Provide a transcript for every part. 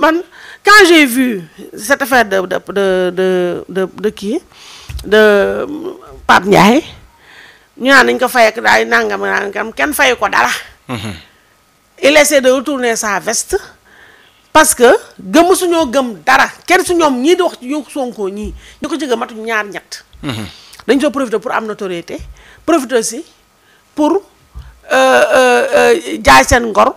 man quand j'ai vu cette affaire de de de de de de kii de Pape Ndiaye ñu naan nañ ko fay ak daay nangam nangam kenn fayu ko dara. Mhm. il essaie de retourner sa veste. parce que gëm suñoo gëm dara kenn suñu ñom ñi di wax yu Sonko ñi ñu ko matu gëmatuñ ñatt hmm dañ soo profiter pour am notoriété profiter aussi pour euh euh, euh jaay seen ngor.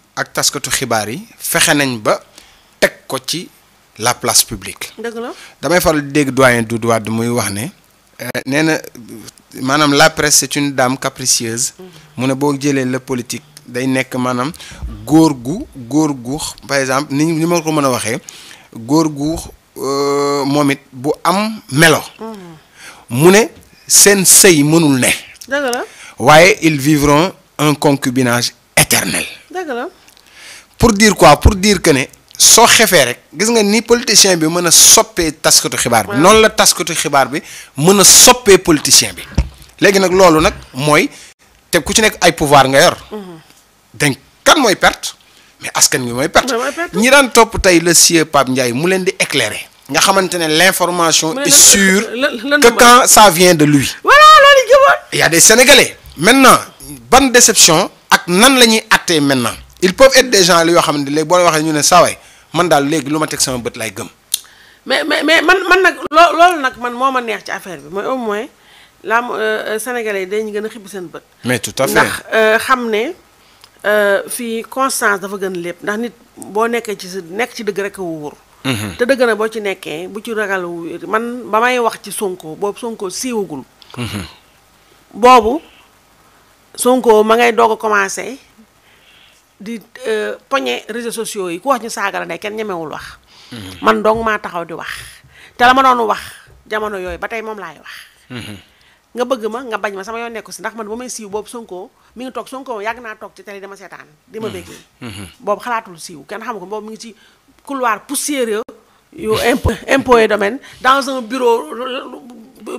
ak taskatu xibaar yi fexe nañ ba teg ko ci la place publique. dëgg la damay faral dégg doyen du Wade muy wax ne. Euh, nee na la presse c'est une dame capricieuse. Mm-hmm. mu ne boo jëlee politique day nekk maanaam góor gu góor gu par exemple ni ni ma ko mën a waxee góor gu euh, moom it bu am melo. Mm-hmm. mu ne seen sëy mënul ne. dëgg ils vivront un concubinage éternel. dëgg la pour dire quoi pour dire que ne so xefee rek gis nga ni politicien bi mën a soppee taskatu xibaar bi noonu la taskatu xibaar bi mën a soppee politicien bi léegi nag loolu nag mooy te ku ci nekk ay pouvoir nga yor mhm. donc kan mooy perte mais askan wi mooy perte ñi daan topp tey le ciel pap Ndiaye mu leen di éclairer nga xamante ne l'information est sûre que quand ça vient de lui voilà loolu jëmoon y a des sénégalais maintenant ban déception ak nan la ñuy attee maintenant ils peuvent être des gens yoo xam Les boire boo waxee ñu ne saway man daal léegi lu ma sama bët lay gëm. mais mais mais man man l'ol nak loolu man moo neex ci affaire bi au moins la euh, euh, Sénégalais yi dañu gën a xibbi seen mais tout à fait ndax euh, xam ne fii constance dafa gën lépp ndax nit boo nekkee ci sa nekk ci dëgg rek a wóor. Mhm. te dëgg na boo ci nekkee bu ci ragal man ba wax ci Sonko boobu Sonko siiwagul. Mhm. boobu Sonko ma ngay doog a di euh, poñe réseaux sociaux yi ku wax ñu saaga la ndey kenn ñemewul wax. man dong maa taxaw di wax te la ma doon wax jamono yooyu ba tey moom laay wax. nga bëgg ma nga bañ ma sama yoon nekku si ndax man ba may siiw boobu Sonko mi ngi toog Sonko yàgg naa toog ci télé dama seetaan. di ma bëggee. boobu xalaatul siiw kenn xam ko boobu mu ngi ci couloir poussiéreux yu impôt impôt et domaine dans un bureau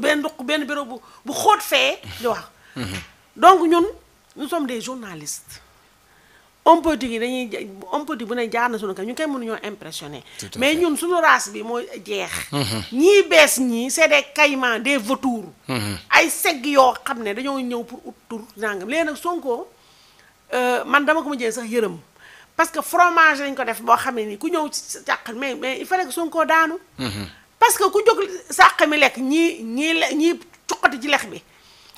benn ndox benn bureau bu bu xóot fee di wax. Mhm. donc ñun nous sommes homme politique yi dañuy homme politique bu ne jaar na sunu kaw ñu koy mënuñoo impressionné mais ñun suñu race bi moo jeex mhm. ñii bees ñii c'est des caïmans des vautours mhm. ay segg yoo xam ne dañoo ñëw pour ut tur nangam léegi nag euh, man dama ko ma jël sax yërëm parce que fromage lañ ko def boo xam ne nii ku ñëw sàq mais mais il fallait que Sonko daanu mhm. parce que ku jóg sàq mi lekk ñii ñii ñii cuqati ci lex bi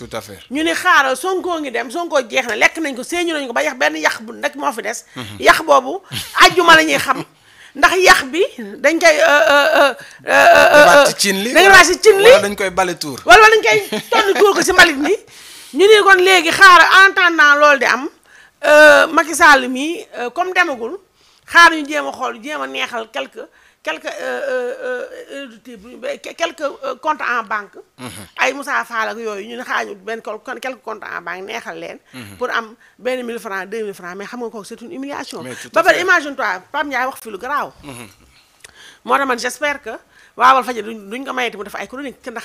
tout ñu ni xaaral sonkoo ngi dem sonkoo jeex na lekk nañ ko ñu nañ ko ba yax benn yax bu rek moo fi des mhm. yax boobu ajjuma la ñuy xam ndax yax bi dañ koy euh, euh, euh, cin li dañ raxas cin li dañ koy bale tuur wala dañ koy tonn ko si mbalit mi ñu ni kon léegi xaaral en attendant loolu di am Macky Sall mi comme demagul xaar ñu jéem a xool jéem a neexal quelque quelques euh, euh, euh, euh, euh quelques euh, comptes en banque. Mhm. ay Moussa Fall ak yooyu ñun xaañu benn quelques comptes en banque neexal leen. Mhm. pour am benn 1000 francs 2000 francs mais xam nga kooku c'est une humiliation ba pare imagine toi Pape Ndiaye wax fi lu garaaw. Mhm. moo tax j'espère que wawal fadi duñ ko mayati mu def ay chronique ndax.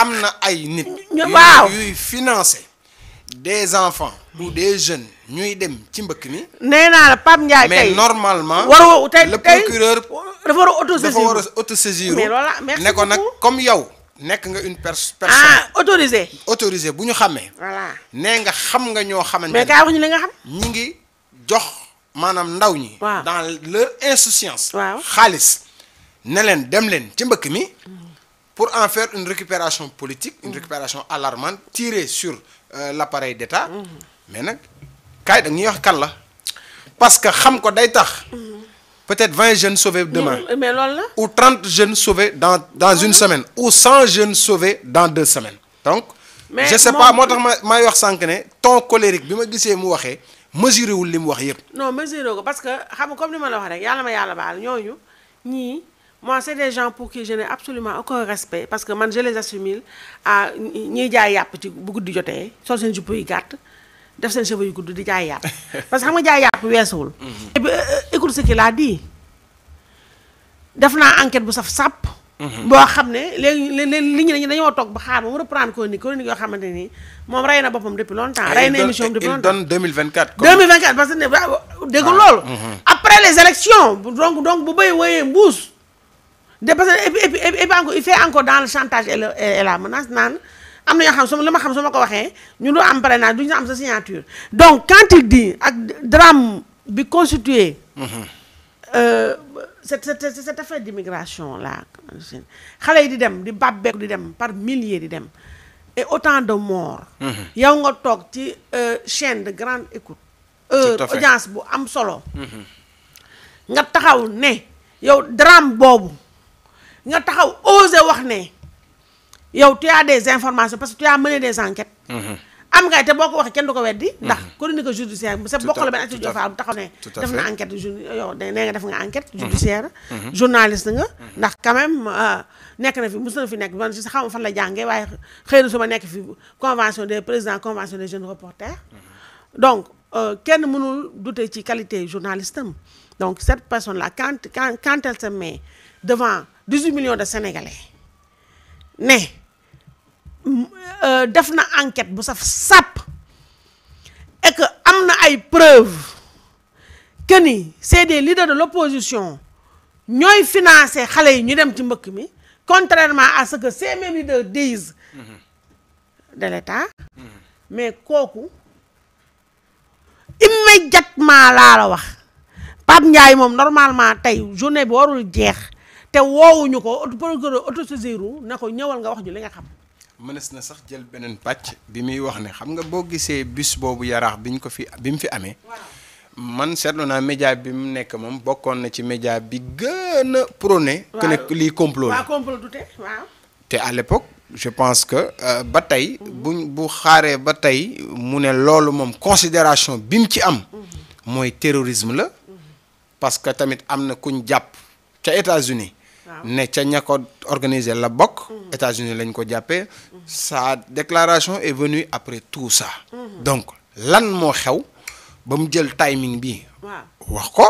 amna ay financer des enfants ou des jeunes ñuy dem ci mi. mais normalement. le procureur. dafa a mais comme yow. nek nga une personne. autorisée. Ah, autorisée bu voilà né nga xam mais nga xam. ñi dans leur insouciance. dem pour en faire une récupération politique, une mhm. récupération alarmante, tirée sur euh, l'appareil d'État. Mais parce que xam ko mhm. peut-être 20 jeunes sauvés demain. ou 30 jeunes sauvés dans, une ah. semaine. Ou 100 jeunes sauvés dans deux semaines. Donc, je ne sais pas, moi, je que ton colérique, je me suis mesurez Non, mesurez Parce que, comme je le il y a des moi c'est des gens pour qui je n'ai absolument aucun respect parce que quand je les assimile à ni jaay Ils ci bu guddi joté sol seen jupe yu gàtt def seen cheveux gudd di jaay parce que xam nga jaay yàpp mhm. et euh, euh, écoute ce qu'il a dit def une enquête bu saf sap, mhm. bo xamné ont li ñu dañoo toog ba xaar moom reprendre chronique chronique yoo ni Ils moom fait depuis longtemps rayna émission depuis longtemps 2024 2024 parce que dégg ah. lool mhm. après les élections donc donc bu béy woyé mbouss depuis, parce que et et et puis il fait encore dans le chantage et la menace naan am na ñoo xam su ma li ma xam su ma ko waxee ñu lu am parrainage du ñu am sa signature donc quand il dit ak drame bi constitué. Mhm. Euh, cette cette cette affaire d'immigration là xale yi di dem di bàbbeeku di dem par milliers di dem et autant de morts. Mhm. yow nga toog ci euh, chaîne de grande écoute. heure audience bu am solo. Mhm. nga taxaw ne yow drame boobu nga taxaw oser wax ne yow tu as des informations parce que tu as mené des enquêtes. Mhm. am ngay te boo ko waxee kenn du ko weddi. Mhm. ndax chronique judiciaire c'est sa bokk la benn activité judiciaire bu taxaw ne. def na enquête ju yow nee mhm. journaliste nga. ndax quand même euh, nekk na fi mos na fi nekk man si xaw ma fan la jàngee waaye xëy na su ma nekk fi convention des présidents convention des jeunes reporters. donc euh, kenn mënul douter ci qualité journaliste donc cette personne là quand quand quand elle se met devant. 18 millions de sénégalais Mais euh, une enquête bu et que nous a ay preuves que c'est leaders de l'opposition financé contrairement à ce que ces mêmes leaders disent de l'État mais immédiatement normalement te woowuñu ko procureur autosaisir na ko nga wax ñu nga xam. mënees na sax jël benen patch bi mi wax né xam nga bo gisee bus bobu yaraax biñ ko fi bi fi amé man sétlu na média bi mu nek mom bokon na ci média bi gëna a prôné. waaw que ne lii complot la waaw. té à l'époque je pense que euh, ba tey. buñ bu xaré ba tey mu né lolu mom considération bi ci am. moy mhm. terrorisme la. Mhm. parce que tamit amna kuñ japp ca États-Unis ne ca ña ko organiser la mm-hmm. États-Unis l'ont ko sa déclaration est venue après tout ça. Mm-hmm. donc lan moo xew ba mu le timing bi. wax ko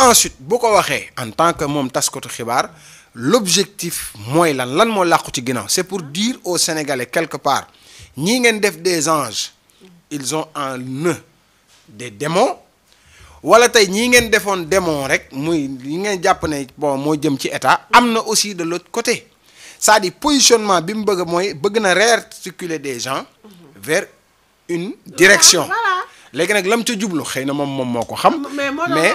ensuite bu ko en tant que moom taskotu xibaar l'objectif mooy lan lan c'est pour dire aux Sénégalais quelque part ñii ngeen def des anges mm-hmm. ils ont un nœud des démons wala tay ñi ngeen defone démon rek muy ñi ngeen japp ne bon mo jëm ci état amna aussi de l'autre côté c'est-à-dire positionnement bi mu bëgg moy bëgg na circuler des gens vers une direction légui nak lam ca jublu xeyna mom mom moko xam mais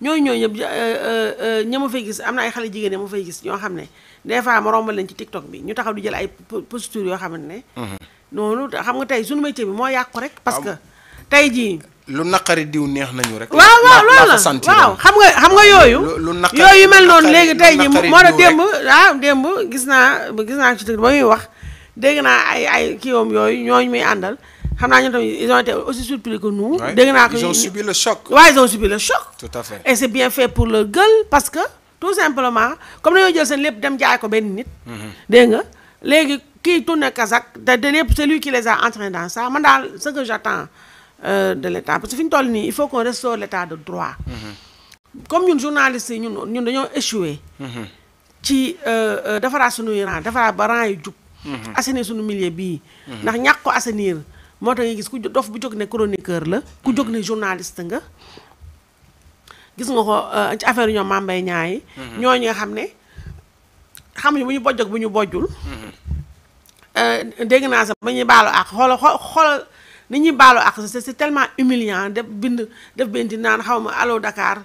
ñooñu ñooñu ñëpp euh, euh, euh, ña ma fay gis am na ay xale jigéen ña fay gis ñoo xam ne des fois ma rombal leen ci TikTok bi ñu taxaw di jël ay posture yoo xamante ne. Mhm. noonu xam nga tey suñu métier bi moo yàqu rek. parce que ah, tey jii. lu naqari diw neex nañu rek. waaw waaw loolu la waaw xam nga xam nga yooyu. lu naqari yooyu mel noonu léegi tey jii moo da démb ah démb gis naa gis naa ci ba muy wax dégg naa ay ay kiiwam yooyu ñooñu muy àndal. ils ont été aussi surpris que nous. ils ont subi le choc. Oui, ils ont subi le choc. tout à fait et c'est bien fait pour leur gueule parce que tout simplement comme nous, jël seen lépp dem jaay ko benn nit. qui mhm. nga léegi kazak c'est lui qui les a entraînés dans ça man ce que j'attends euh, de l'État. parce que il faut qu'on restaure l'État de droit. Mhm. comme ñun journalistes nous ñun ñun dañoo échoué. Mhm. ci defaraat suñuy rang defaraat ba rang yi jub. assainir suñu milieu bi, ndax ñàkk ko moo tax nga gis ku dof bu jóg ne chroniqueur la ku jóg ne journaliste nga gis nga ko euh, ci affaire ñoo Mame Mbaye Niang yi mm-hmm. ñooñu nga xam ne xam xamuñu bu ñu bojj bu ñu bojjul mm-hmm. euh, dégg naa sax ba ñuy baalu ak xoolal xoolal ni ñuy baalu ak c'est tellement humiliant def bind def benn naan xaw ma allo Dakar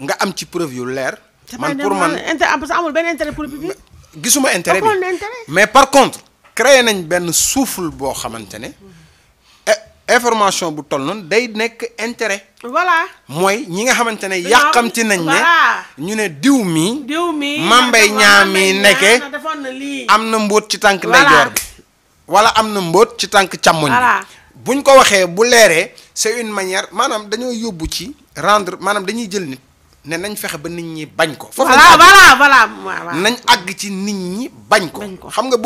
nga am ci preuve yu leer. man pour man ah, amul benn intérêt pour public gisuma intérêt bi mais par contre créé nañ ben souffle bo xamantene eh, information bu toll non day nek intérêt. voilà moy ñi nga xamantene ne yàqamti nañ ne. ñu ne diw mi diw mii Mame Mbaye Niang mii nekke ci tank ndeyjoor bi. wala amna na ci tank chamoñ buñ ko waxé bu léré c'est une manière manam dañoy yóbbu ci rendre manam dañuy jël nit. ne nañ fexe ba nit ñi bañ ko. foofu voilà voilà voilà. nañ àgg ci nit ñi bañ ko. xam nga